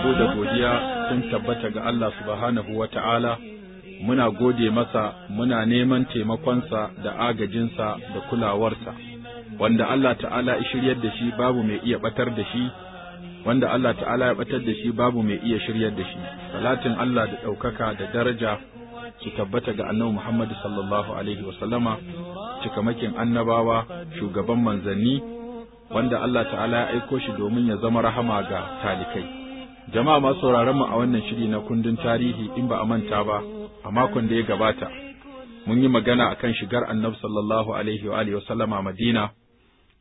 yabo da godiya sun tabbata ga Allah subhanahu wa ta'ala, muna gode masa, muna neman taimakonsa da agajinsa da kulawarsa, wanda Allah ta'ala ya shiryar da shi babu mai iya batar da shi, wanda Allah ta'ala ya batar da shi babu mai iya shiryar da shi, salatin Allah da ɗaukaka da daraja su tabbata ga annabi Muhammad sallallahu alaihi wasallama, cikamakin annabawa, shugaban manzanni, wanda Allah ta'ala ya aiko shi domin ya zama rahama ga talikai. Jama'a masu sauraron mu a wannan shiri na kundin tarihi in ba a manta ba, a makon da ya gabata, mun yi magana akan shigar annabi sallallahu alaihi wa alihi wasallama Madina,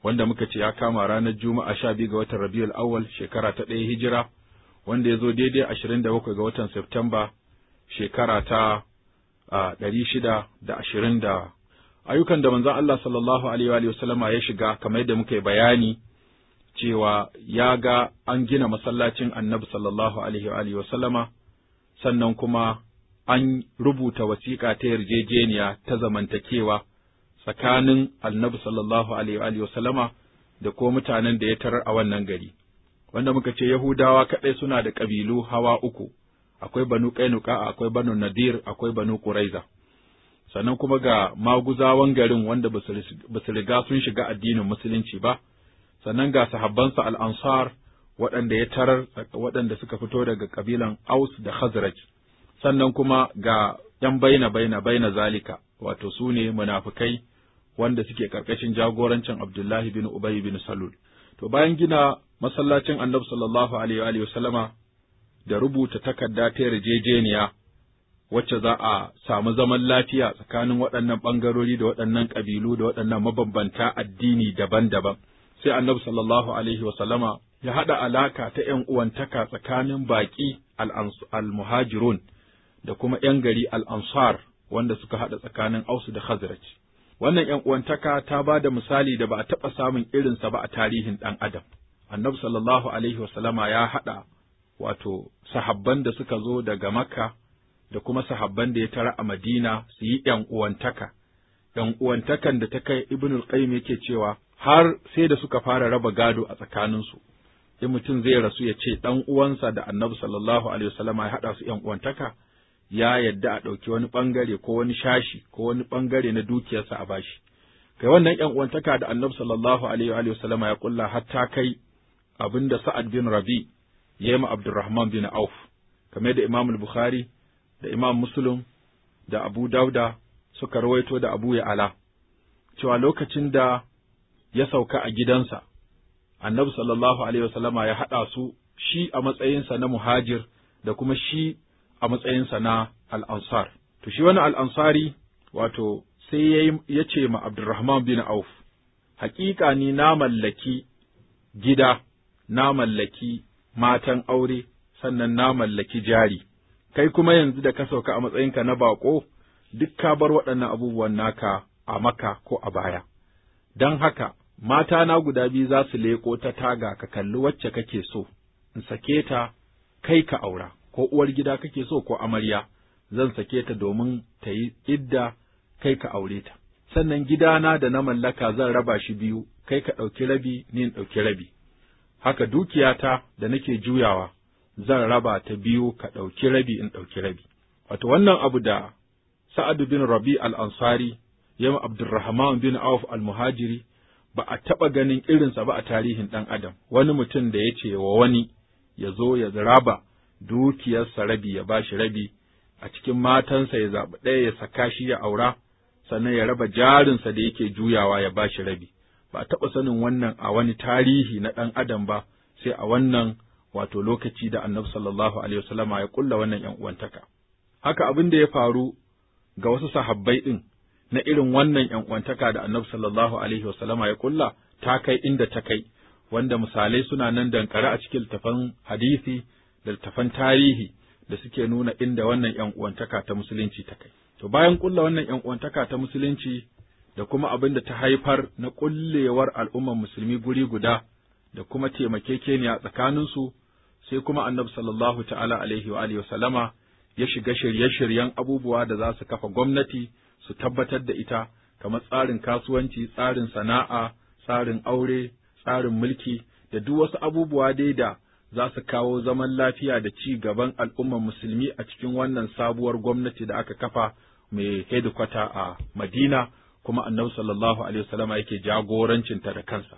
wanda muka ce ya kama ranar Juma'a sha biyu ga watan Rabiul Awwal shekara ta ɗaya hijira, wanda ya zo daidai ashirin da bakwai ga watan Septemba shekara ta ɗari shida da ashirin da ayyukan da manzon Allah sallallahu alaihi wa alihi wasallama ya shiga kamar yadda muka yi bayani cewa ya ga an gina masallacin annabi sallallahu alaihi wa sallama sannan kuma an rubuta wasiƙa ta yarjejeniya ta zamantakewa tsakanin annabi sallallahu alaihi wa sallama da ko mutanen da ya tarar a wannan gari wanda muka ce Yahudawa kaɗai suna da ƙabilu hawa uku akwai banu Kainuka akwai banu Nadir akwai banu Quraiza sannan kuma ga maguzawan garin wanda ba su riga sun shiga addinin musulunci ba sannan ga sahabbansa al-ansar waɗanda ya tarar waɗanda suka fito daga kabilan aus da khazraj sannan kuma ga ‘yan baina baina baina zalika wato su ne munafukai wanda suke ƙarƙashin jagorancin abdullahi bin ubay bin salul to bayan gina masallacin annabi sallallahu alaihi wa sallama da rubuta takarda ta yarjejeniya wacce za a samu zaman lafiya tsakanin waɗannan ɓangarori da waɗannan ƙabilu da waɗannan mabambanta addini daban-daban. sai annabi sallallahu alaihi ya haɗa alaka ta ‘yan uwantaka tsakanin baƙi Almuhajirun da kuma ‘yan gari al-ansar wanda suka haɗa tsakanin ausu da khazraj. Wannan ‘yan uwantaka ta ba da misali da ba a taɓa samun irinsa ba a tarihin ɗan adam. Annabi sallallahu alaihi wasallama ya haɗa wato sahabban da suka zo daga Makka da kuma sahabban da ya tara a Madina su yi ‘yan uwantaka. ‘Yan uwantakan da ta kai Ibn qayyim yake cewa har sai da suka fara raba gado a tsakaninsu in mutum zai rasu ya ce ɗan uwansa da annabi sallallahu alaihi wasallama ya haɗa su ‘yan uwantaka ya yadda a ɗauki wani ɓangare ko wani shashi ko wani ɓangare na dukiyarsa a bashi kai wannan ‘yan uwantaka da annabi sallallahu alaihi wasallama ya kulla har ta kai abin da Sa'ad bin Rabi ya yi ma Abdurrahman bin Auf kamar da Imam Bukhari da Imam Muslim da Abu Dauda suka rawaito da Abu Ya'ala cewa lokacin da ya sauka a gidansa, annabi sallallahu Alaihi wasallama ya haɗa su shi a matsayinsa na muhajir da kuma shi a matsayinsa na al'ansar. To, shi wani al'ansari wato sai ya ce ma Abdurrahman bin Auf, Hakika ni na mallaki gida, na mallaki matan aure, sannan na mallaki jari, kai kuma yanzu da ka sauka a matsayinka na baƙo, duk ka bar waɗannan abubuwan naka a maka ko a baya. Don haka, Mata na guda biyu za su leƙo ta taga ka kalli wacce kake so, in sake ta kai ka aura, ko uwar gida kake so ko amarya, zan sake ta domin ta yi idda kai ka aure ta. Sannan gidana da na mallaka zan raba shi biyu, kai ka ɗauki rabi, ni in ɗauki rabi. Haka dukiyata da nake juyawa, zan raba ta biyu ka ɗauki rabi in ɗauki rabi. Wato wannan abu da sa'adu bin Rabi al-Ansari, yamma Abdurrahman bin Auf al-Muhajiri, ba a taɓa ganin irinsa ba a tarihin ɗan adam wani mutum da ya ce wa wani ya zo ya raba dukiyarsa rabi ya bashi rabi a cikin matansa ya zaɓi ɗaya ya saka shi ya aura sannan ya raba jarinsa da yake juyawa ya bashi rabi ba a taɓa sanin wannan a wani tarihi na ɗan adam ba sai a wannan wato lokaci da annabi sallallahu alaihi wasallama ya kulla wannan ‘yan uwantaka. Haka abin da ya faru ga wasu sahabbai ɗin na irin wannan ‘yan da annabi sallallahu alaihi wasallama ya kulla ta kai inda ta kai, wanda misalai suna nan dankare a cikin littafan hadisi da littafan tarihi da suke nuna inda wannan ‘yan ta musulunci ta kai. To bayan kulla wannan ‘yan ta musulunci da kuma abin da ta haifar na kullewar al'ummar musulmi guri guda da kuma taimakekeniya tsakaninsu, sai kuma annabi sallallahu ta'ala alaihi wa sallama ya shiga shirye-shiryen abubuwa da za su kafa gwamnati su tabbatar da ita kamar tsarin kasuwanci, tsarin sana'a, tsarin aure, tsarin mulki da duk wasu abubuwa dai da za su kawo zaman lafiya da ci gaban al'ummar musulmi a cikin wannan sabuwar gwamnati da aka kafa mai hedikwata a Madina kuma annabi sallallahu alaihi wasallama yake jagorancinta da kansa.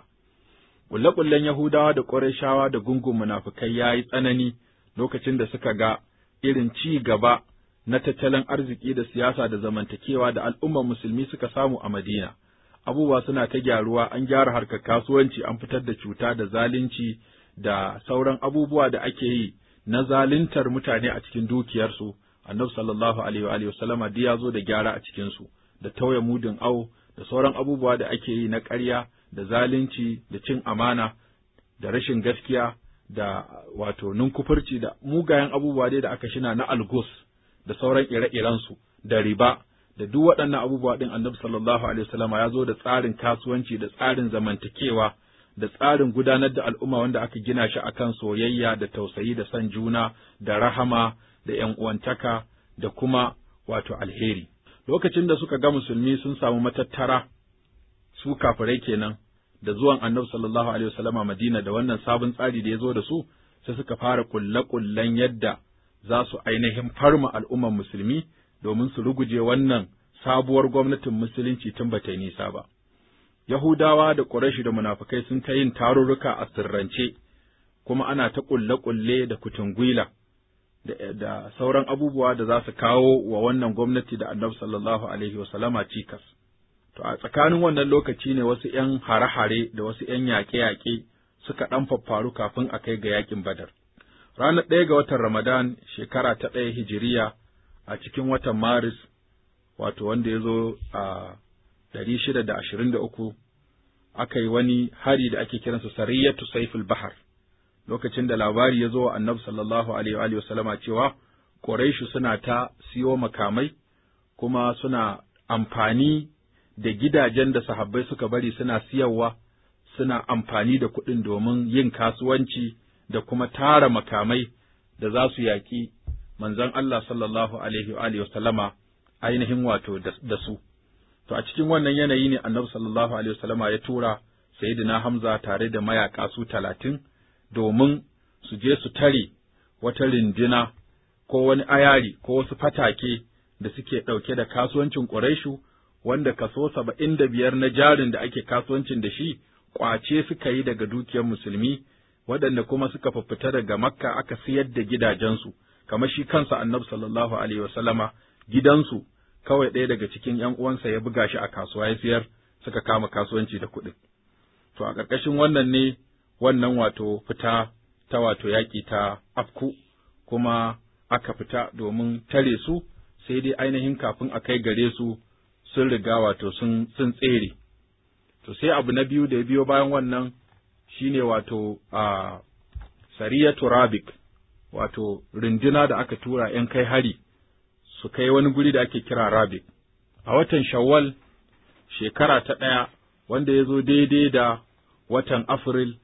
Ƙulle-ƙullen Yahudawa da Ƙurayshawa da gungun munafukai ya yi tsanani lokacin da suka ga irin ci gaba na tattalin arziki da siyasa da zamantakewa da al'ummar musulmi suka samu a Madina. Abubuwa suna ta gyaruwa an gyara harkar kasuwanci an fitar da cuta da zalunci da sauran abubuwa da ake yi na zaluntar mutane a cikin dukiyarsu. Annabi sallallahu alaihi wa sallama duk ya zo da gyara a cikinsu da tauye mudun au da sauran abubuwa da ake yi na ƙarya da zalunci da cin amana da rashin gaskiya da wato ninkufurci da mugayen abubuwa dai da aka shina na algus da sauran ire-irensu da riba da duk waɗannan abubuwa ɗin annabi sallallahu alaihi wasallama ya zo da tsarin kasuwanci da tsarin zamantakewa da tsarin gudanar da al'umma wanda aka gina shi akan soyayya da tausayi da san juna da rahama da ƴan uwantaka da kuma wato alheri. Lokacin da suka ga musulmi sun samu matattara su kafirai kenan da zuwan annabi sallallahu alaihi wasallama Madina da wannan sabon tsari da ya zo da su sai suka fara kulle-kullen yadda za su ainihin farma al'ummar musulmi domin su ruguje wannan sabuwar gwamnatin musulunci tun ba ta nisa ba. Yahudawa da ƙurashi da munafukai sun ta yin tarurruka a sirrance, kuma ana ta ƙulle-ƙulle da kutungwila da, sauran abubuwa da za su kawo wa wannan gwamnati da annabi sallallahu alaihi wasallama cikas. To a tsakanin wannan lokaci ne wasu ’yan hare-hare da wasu ’yan yaƙe-yaƙe suka ɗan faffaru kafin a kai ga yaƙin Badar. ranar ɗaya ga watan Ramadan shekara ta ɗaya hijiriya a cikin watan Maris, wato wanda ya zo a ɗari shida da ashirin da uku, aka yi wani hari da ake kiransa sariyatu saiful bahar, lokacin da labari ya zo wa annabi sallallahu alaihi wa sallama cewa Quraishu suna ta siyo makamai kuma suna amfani da gidajen da sahabbai suka bari suna siyarwa, suna amfani da kuɗin domin yin kasuwanci da kuma tara makamai da za su yaƙi manzon Allah sallallahu alaihi wa sallama ainihin wato da su. To a cikin wannan yanayi ne annabi sallallahu alaihi wasallama ya tura Sayyidina Hamza tare da mayaƙa su talatin domin su je su tare wata rindina ko wani ayari ko wasu fatake da suke ɗauke da kasuwancin Quraishu wanda kaso saba'in da biyar na jarin da ake kasuwancin da shi ƙwace suka yi daga dukiyar musulmi waɗanda kuma suka fita daga Makka aka siyar da gidajensu, kamar shi kansa annabi sallallahu alaihi wasallama gidansu kawai ɗaya daga cikin ‘yan uwansa ya buga shi a kasuwa ya siyar suka kama kasuwanci da kuɗi. To a ƙarƙashin wannan ne wannan wato fita ta wato yaƙi ta afku kuma aka fita domin tare su sai dai ainihin kafin a kai gare su sun riga wato sun tsere. To sai abu na biyu da ya biyo bayan wannan shine wato a sariyatu wato rinduna da aka tura ‘yan kai hari su kai wani guri da ake kira rabik a watan shawwal shekara ta ɗaya wanda ya zo daidai da watan afril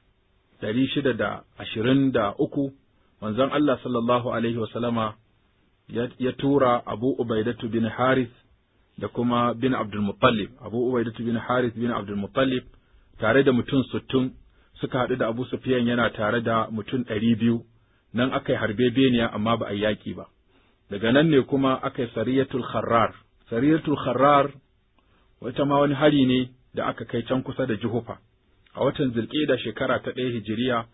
ɗari shida da ashirin da uku manzon Allah sallallahu alaihi wasallama ya tura Abu Ubaidatu bin Harith da kuma bin Abdul Abu Ubaidatu bin Harith bin Abdul tare da mutum sittin suka haɗu da Abu Sufyan yana tare da mutum ɗari biyu, nan aka yi harbe beniya amma ba a yaƙi ba. Daga nan ne kuma aka yi sariyatul kharrar. Sariyatul kharrar wata ma wani hari ne da aka kai can kusa da Juhufa a watan da shekara ta ɗaya hijiriya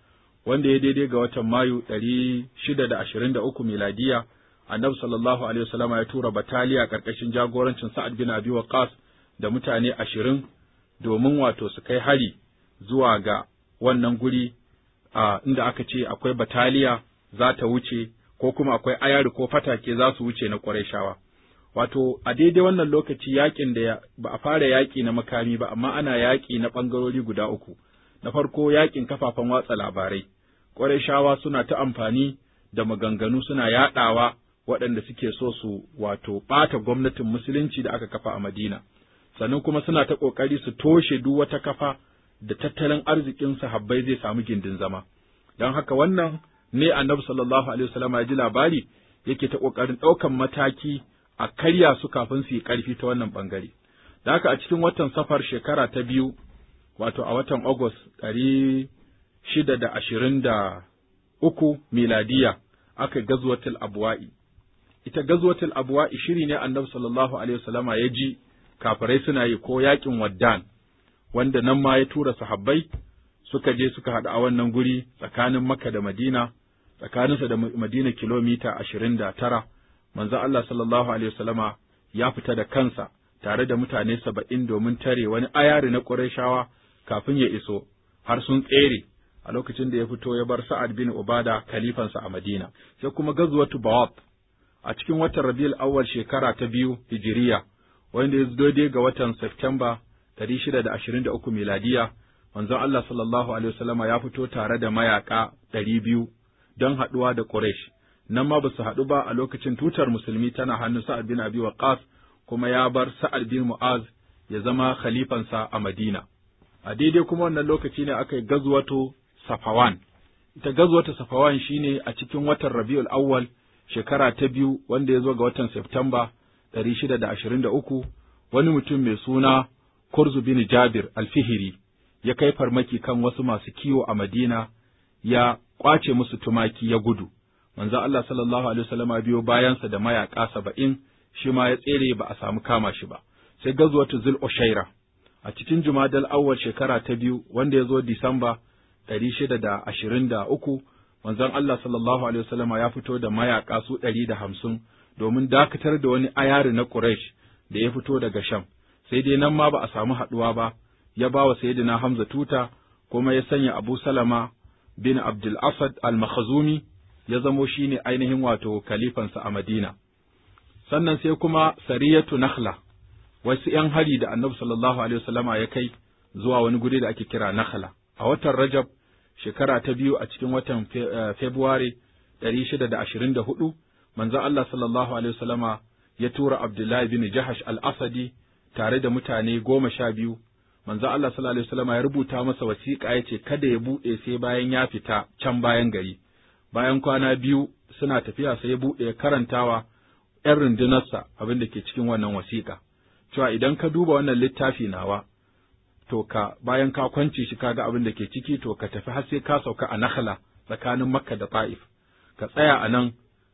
wanda ya daidai ga watan Mayu ɗari shida da ashirin da uku miladiya annabi sallallahu alaihi wasallam ya tura bataliya ƙarƙashin jagorancin Sa'ad bin Abi Waqqas da mutane ashirin domin wato su kai hari zuwa ga wannan guri a inda aka ce akwai bataliya za ta wuce ko kuma akwai ayari ko fatake za su wuce na shawa. wato a daidai wannan lokaci yakin da ba a fara yaƙi na makami ba amma ana yaƙi na ɓangarori guda uku na farko yaƙin kafafen watsa labarai ƙwarai shawa suna ta amfani da maganganu suna yaɗawa waɗanda suke so su wato ɓata gwamnatin musulunci da aka kafa a Madina sannan kuma suna ta ƙoƙari su toshe duk wata kafa da tattalin arzikin sahabbai zai samu gindin zama don haka wannan ne annabi sallallahu alaihi wasallam ya ji labari yake ta kokarin ɗaukan mataki a karya su kafin su yi ƙarfi ta wannan ɓangare. Da haka a cikin watan safar shekara ta biyu, wato a watan Agwas ɗari shida da ashirin da uku miladiya aka gazwatul abuwa'i. Ita gazwatul abuwa'i shiri ne annabi sallallahu alaihi wasallam ya ji kafirai suna yi ko yaƙin waddan wanda nan ma ya tura sahabbai suka je suka haɗu a wannan guri tsakanin Makka da Madina, tsakaninsa da Madina kilomita ashirin da tara, manzo Allah sallallahu Alaihi wasallama ya fita da kansa tare da mutane saba'in domin tare wani ayari na Qurayshawa kafin ya iso, har sun tsere a lokacin da ya fito ya bar Sa'ad bin Ubada kalifansa a Madina. Sai kuma gazuwatu Bawab a cikin watan Rabiul Awwal shekara ta biyu Hijiriya, wanda ya zo daidai ga watan September 623 miladiya, manzon Allah sallallahu Alaihi wasallama ya fito tare da mayaƙa ɗari biyu don haɗuwa da Quraysh. Nan ma ba su haɗu ba a lokacin tutar musulmi tana hannu Sa'ad bin Abi Waqqas kuma ya bar Sa'ad bin Mu'az ya zama khalifansa a Madina. A daidai kuma wannan lokaci ne aka yi gazuwato Safawan. Ita gazuwato Safawan shine a cikin watan Rabiul Awwal shekara ta biyu wanda ya zo ga watan Septamba 623 wani mutum mai suna Kurzu bin Jabir alfihiri ya kai farmaki kan wasu masu kiwo a Madina ya ƙwace musu tumaki ya gudu. Manzo Allah sallallahu alaihi wasallam biyo bayansa da mayaƙa saba'in shi ma ya tsere ba a samu kama shi ba. Sai gazuwatu Zul Ushaira a cikin Jumadal Awwal shekara ta biyu wanda ya zo Disamba ɗari shida manzon Allah sallallahu alaihi wasallam ya fito da mayaƙa su ɗari da hamsin domin dakatar da wani ayari na Quraysh da ya fito daga Sham. sai dai nan ma ba a samu haɗuwa ba, ya ba wa Sayyidina Hamza tuta, kuma ya sanya Abu Salama bin Abdul Asad al-Makhazumi ya zamo shi ne ainihin wato kalifansa a Madina. Sannan sai kuma Sariyatu Nakhla, wasu ‘yan hari da Annabi sallallahu Alaihi wasallama ya kai zuwa wani guri da ake kira Nakhla. A watan Rajab, shekara ta biyu a cikin watan eh, Februari ɗari shida da ashirin da hudu, Allah sallallahu Alaihi wasallama ya tura Abdullahi bin Jahash al-Asadi tare da mutane goma sha biyu manzo Allah sallallahu ya rubuta masa wasiƙa ya ce kada ya buɗe sai bayan ya fita can bayan gari bayan kwana biyu suna tafiya sai ya buɗe karantawa ‘yan rundunarsa abin da ke cikin wannan wasiƙa, cewa idan ka duba wannan littafi nawa, to ka bayan ka kwance shi ka ga abin da ke ciki to ka tafi har sai ka sauka a Nakhla tsakanin Makka da Ta'if, ka tsaya a nan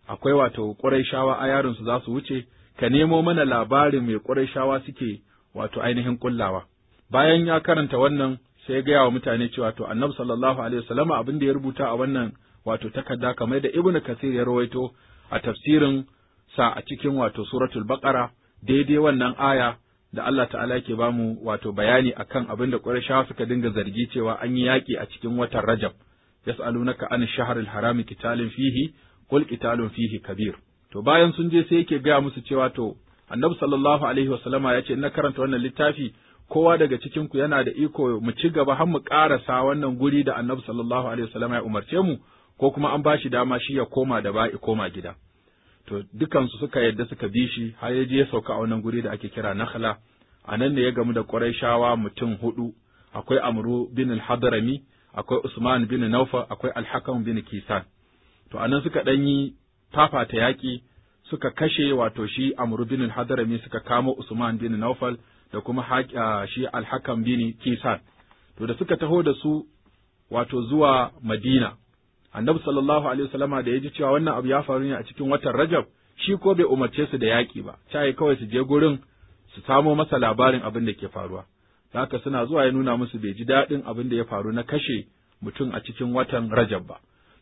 akwai wato shawa a yarinsu za su wuce ka nemo mana labarin mai ƙurashawa suke wato ainihin kullawa. Bayan ya karanta wannan sai ya gaya wa mutane cewa to annabi sallallahu alaihi wasallama abin da ya rubuta a wannan wato takarda kamar da Ibn Kathir ya rawaito a tafsirin sa a cikin wato suratul baqara daidai wannan aya da Allah ta'ala yake bamu wato bayani akan abin da Qurayshawa suka dinga zargi cewa an yi yaƙi a cikin watan Rajab yas'alunaka an shahril harami kitalin fihi qul kitalun fihi kabir to bayan sun je sai yake gaya musu cewa to annabi sallallahu alaihi wasallama ya ce na karanta wannan littafi kowa daga cikin ku yana da iko mu ci gaba har mu sa wannan guri da annabi sallallahu alaihi wasallama ya umarce mu ko kuma an ba shi dama shi ya koma da ba'i koma gida to dukansu suka yadda suka bi shi har ya je ya sauka a wannan guri da ake kira Nakhla a nan ne ya gamu da shawa mutum hudu akwai Amru bin al-Hadrami akwai Usman bin Naufa akwai Al-Hakam bin Kisan to anan suka ɗan yi tafata yaƙi suka kashe wato shi Amr bin al-Hadrami suka kamo Usman bin Naufal da kuma shi Al-Hakam bin Kisan. To da suka taho da su wato zuwa Madina. Annabi sallallahu alaihi wasallama da ya ji cewa wannan abu ya faru ne a cikin watan Rajab, shi ko bai umarce su da yaƙi ba, cai kawai su je gurin su samo masa labarin abin da ke faruwa. Haka suna zuwa ya nuna musu bai ji daɗin abin da ya faru na kashe mutum a cikin watan Rajab ba.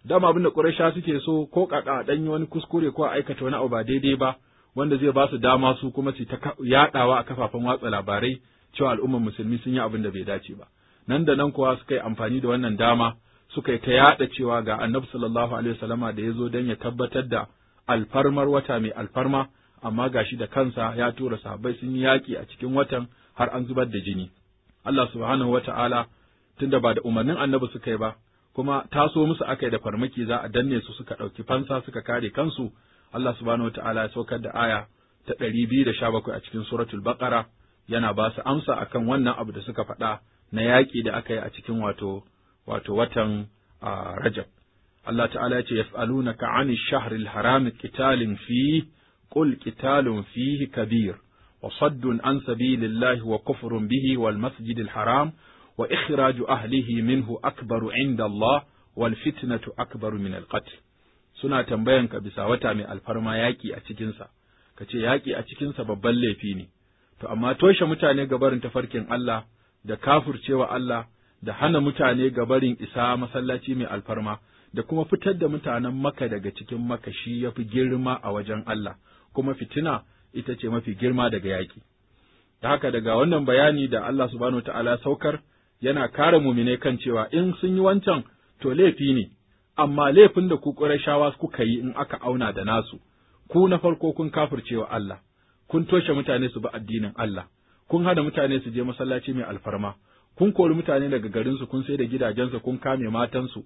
dama abin da ƙuraisha suke so ko kaka a ɗanyi wani kuskure ko a aikata wani abu ba daidai ba wanda zai ba su dama su kuma su yaɗawa a kafafen watsa labarai cewa al'ummar musulmi sun yi abin da bai dace ba nan da nan kuwa suka yi amfani da wannan dama suka yi ta yaɗa cewa ga Annabi sallallahu alaihi wasallama da ya zo don ya tabbatar da alfarmar wata mai alfarma amma gashi da kansa ya tura sahabbai sun yi yaƙi a cikin watan har an zubar da jini Allah subhanahu tun tunda ba da umarnin Annabi suka yi ba kuma taso musu aka yi da farmaki za a danne su suka ɗauki fansa suka kare kansu Allah subhanahu wataala ya saukar da aya ta ɗari biyu da sha bakwai a cikin suratul baqara yana ba su amsa akan wannan abu da suka faɗa na yaƙi da aka yi a cikin wato wato watan Rajab Allah ta'ala ya ce yas'alunaka 'ani shahril haram qitalin fi qul qitalun fihi kabir wa saddun an sabilillahi wa kufrun bihi wal masjidil haram wa ikhraju ahlihi minhu akbaru inda Allah wal fitnatu akbaru min suna tambayan ka bisa wata mai alfarma yaƙi a cikinsa, ka ce yaƙi a cikinsa babban laifi ne, to amma toshe mutane gabarin tafarkin Allah da kafurcewa Allah da hana mutane ga barin isa masallaci mai alfarma da kuma fitar da mutanen maka daga cikin maka shi ya girma a wajen Allah, kuma fitina ita ce mafi girma daga yaƙi. Da haka daga wannan bayani da Allah subhanahu ta'ala saukar yana kare mumine kan cewa in sun yi wancan to laifi ne, amma laifin da ku ƙurashawa kuka yi in aka auna da nasu, ku na farko kun kafircewa Allah, kun toshe mutane su bi addinin Allah, kun hana mutane su je masallaci mai alfarma, kun kori mutane daga garinsu kun sai da gidajensu kun kame matansu,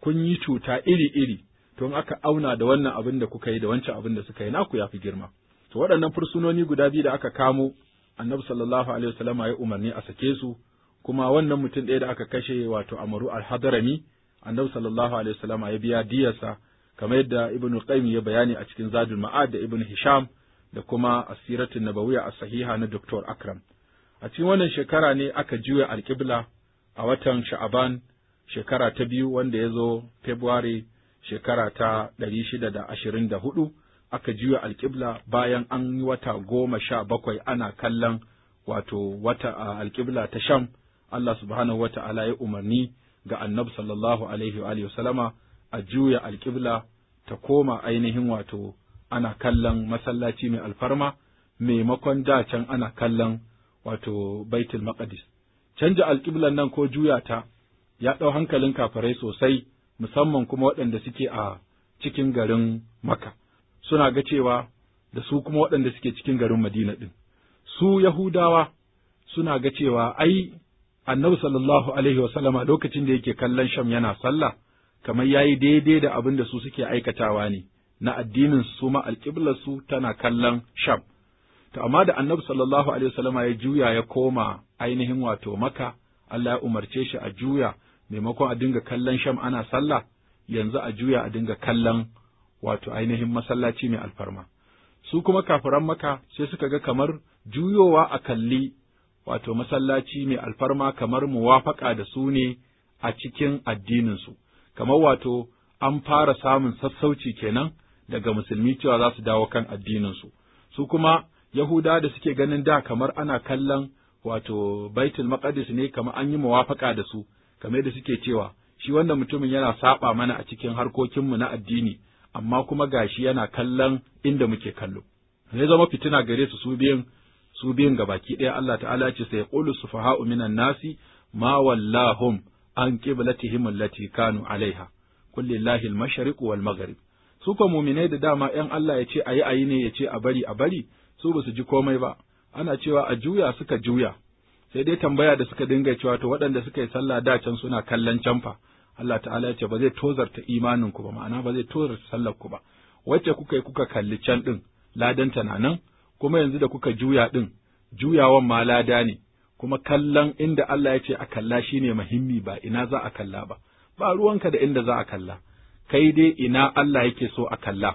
kun yi cuta iri-iri, to in aka auna da wannan abin da kuka yi da wancan abin da suka yi naku ya fi girma. To waɗannan fursunoni guda biyu da aka kamo, annabi sallallahu alaihi wasallam ya umarni a sake su, kuma wannan mutum ɗaya da aka kashe wato Amaru al-Hadrami annabi sallallahu alaihi wasallam ya biya diyarsa kamar yadda Ibn Qayyim ya bayani a cikin Zadul Ma'ad da Ibn Hisham da kuma Asiratul Nabawiyya as-Sahiha na Dr. Akram a cikin wannan shekara ne aka juya alƙibla a watan Sha'aban shekara ta biyu wanda ya zo February shekara ta ɗari shida da ashirin da hudu aka juya alƙibla bayan an yi wata goma sha bakwai ana kallon wato wata alƙibla ta Sham Allah subhanahu wa ta'ala ya umarni ga annabi sallallahu alaihi wa alihi salama a juya alƙibla ta koma ainihin wato ana kallon masallaci mai alfarma maimakon da can ana kallon wato baitul maqdis canja alƙiblan nan ko juya ta ya ɗau hankalin kafirai sosai musamman kuma waɗanda suke a cikin garin maka suna ga cewa da su kuma waɗanda suke cikin garin madina ɗin su yahudawa suna ga cewa ai annabi sallallahu alaihi wasallama lokacin da yake kallon sham yana sallah kamar yayi daidai da abin da su suke aikatawa ne na addinin su ma alƙiblar su tana kallon sham to amma da annabi sallallahu alaihi wasallama ya juya ya koma ainihin wato maka Allah ya umarce shi a juya maimakon a dinga kallon sham ana sallah yanzu a juya a dinga kallon wato ainihin masallaci mai alfarma su kuma kafiran maka sai suka ga kamar juyowa a kalli wato masallaci mai alfarma kamar muwafaƙa da su ne a cikin addininsu, kamar wato an fara samun sassauci kenan daga musulmi cewa za su dawo kan addininsu. Su kuma Yahuda da suke ganin da kamar ana kallon wato baitul maqdis ne kamar an yi muwafaƙa da su, kamar da suke cewa shi wanda mutumin yana saɓa mana a cikin harkokinmu na addini, amma kuma gashi yana kallon inda muke kallo. Ya zama fitina gare su su biyun su biyun gabaki ɗaya Allah ta'ala ce sai qulu sufaha'u minan nasi ma wallahum an qiblatihim allati kanu alaiha kullillahi al-mashriq wal maghrib su ko muminai da dama ‘yan Allah ya ce a yi ayi ne ya ce a bari a bari su ba su ji komai ba, ana cewa a juya suka juya, sai dai tambaya da suka dinga cewa to waɗanda suka yi sallah da can suna kallon can fa, Allah ta'ala ya ce ba zai tozarta imanin ku ba ma'ana ba zai tozarta sallar ku ba, wacce kuka yi kuka kalli can ɗin ladanta na nan, kuma yanzu da kuka juya ɗin, juyawan ma lada ne, kuma kallon inda Allah ya ce a kalla shi ne muhimmi ba ina za a kalla ba, ba ruwanka da inda za a kalla, kai dai ina Allah yake so a kalla,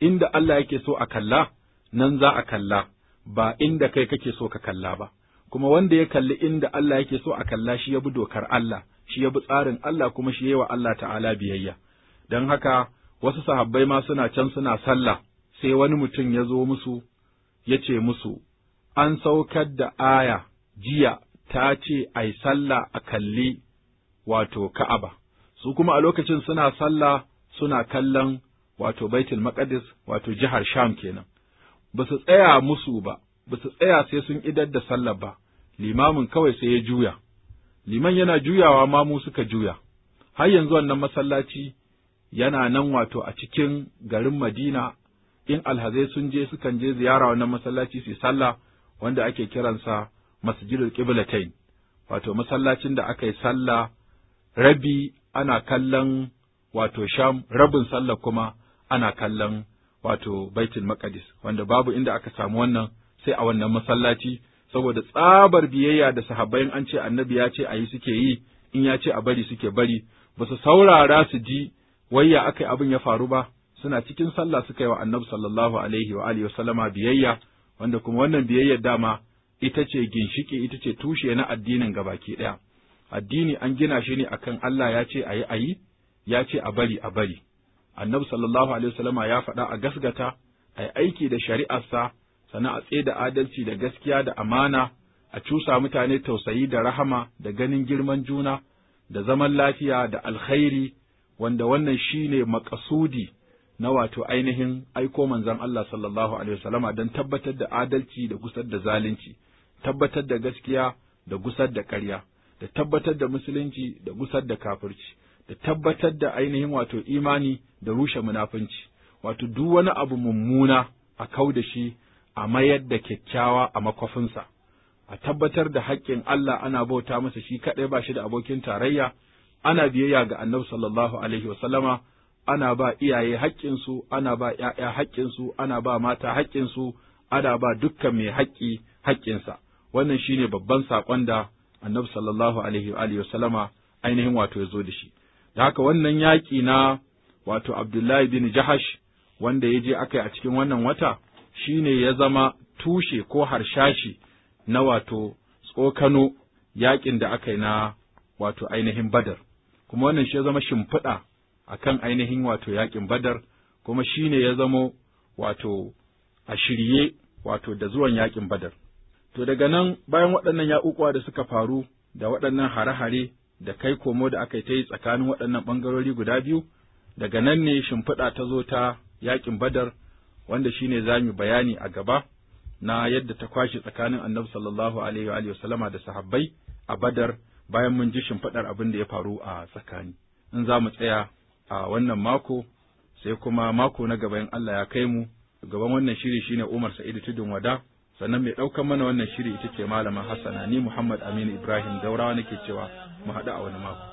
inda Allah yake so a kalla, nan za a kalla, ba inda kai kake so ka kalla ba. Kuma wanda ya kalli inda Allah yake so a kalla shi ya bi dokar Allah, shi ya bi tsarin Allah kuma shi yi wa Allah ta'ala biyayya. Don haka wasu sahabbai ma suna can suna sallah, sai wani mutum ya zo musu ya ce musu, An saukar da aya jiya ta ce ai sallah a kalli wato Ka'aba, su kuma a lokacin suna sallah suna kallon wato Baitul Maƙadis wato jihar Sham kenan. Ba su tsaya musu ba, ba su tsaya sai sun idar da sallah ba, limamin kawai sai ya juya. Liman yana juyawa ma mu suka juya, har yanzu wannan masallaci yana nan wato a cikin garin Madina in alhazai sun je sukan je ziyara wannan masallaci su sallah wanda ake kiransa masjidul qiblatain wato masallacin da aka yi salla rabi ana kallon wato sham rabin sallah kuma ana kallon wato baitul maqdis wanda babu inda aka samu wannan sai a wannan masallaci saboda tsabar biyayya da sahabbain an ce annabi ya ce ayi suke yi in ya ce a bari suke bari ba su saurara su ji wayya aka abin ya faru ba suna cikin sallah suka yi wa annabi sallallahu alaihi wa alihi wasallama biyayya wanda kuma wannan biyayyar dama ita ce ginshiki ita ce tushe na addinin gabaki ɗaya addini an gina shi ne akan Allah ya ce ayi ayi ya ce a bari a bari annabi sallallahu alaihi wasallama ya faɗa a gasgata ai aiki da shari'arsa sannan a tsaye da adalci da gaskiya da amana a cusa mutane tausayi da rahama da ganin girman juna da zaman lafiya da alkhairi wanda wannan shine makasudi na wato ainihin aiko manzon Allah sallallahu alaihi wasallama don tabbatar da adalci da gusar da zalunci, tabbatar da gaskiya da gusar da ƙarya, da tabbatar da musulunci da gusar da kafirci, da tabbatar da ainihin wato imani da rushe munafunci, wato duk wani abu mummuna a kau da shi a mayar da kyakkyawa a makwafinsa, a tabbatar da haƙƙin Allah ana bauta masa shi kaɗai ba shi da abokin tarayya, ana biyayya ga annabi sallallahu alaihi wasallama ana ba iyaye haƙƙinsu, ana ba ‘ya'ya haƙƙinsu, ana ba mata haƙƙinsu, ana ba dukkan mai haƙƙi haƙƙinsa. Wannan shi ne babban saƙon da annabi sallallahu alaihi wa ainihin wato ya zo da shi. Da haka wannan yaƙi na wato Abdullahi bin Jahash wanda ya je aka yi a cikin wannan wata shi ne ya zama tushe ko harshashi na wato tsokano yaƙin da aka yi na wato ainihin badar. Kuma wannan shi ya zama shimfiɗa akan ainihin wato yaƙin Badar kuma shine ya zamo wato a shirye wato da zuwan yaƙin Badar. To daga nan bayan waɗannan ya'uƙuwa da suka faru da waɗannan hare-hare da kai komo da aka yi ta yi tsakanin waɗannan ɓangarori guda biyu, daga nan ne shimfiɗa ta zo ta yaƙin Badar wanda shine za mu bayani a gaba na yadda ta kwashe tsakanin Annabi sallallahu alaihi wa sallama da sahabbai a Badar bayan mun ji shimfiɗar abin da ya faru a tsakani. In za mu tsaya a wannan mako sai kuma mako na gaba in Allah ya kai mu gaban wannan shiri shine Umar Sa'idu Tudun Wada sannan mai ɗaukar mana wannan shiri ita ce malama Hassana ni Muhammad Aminu Ibrahim Daurawa nake cewa mu haɗu a wani mako